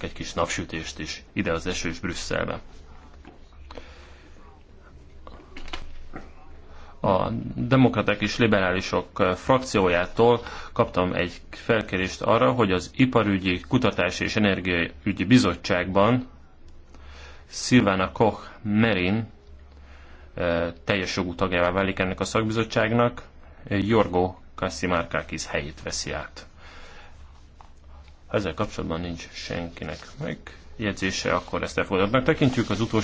egy kis napsütést is ide az esős Brüsszelbe. A demokraták és liberálisok frakciójától kaptam egy felkérést arra, hogy az Iparügyi, Kutatási és Energiaügyi Bizottságban Szilvána Koch Merin teljes jogú tagjává válik ennek a szakbizottságnak, Jorgo Kassimárkákis helyét veszi át ezzel kapcsolatban nincs senkinek megjegyzése, akkor ezt elfogadatnak tekintjük. Az utolsó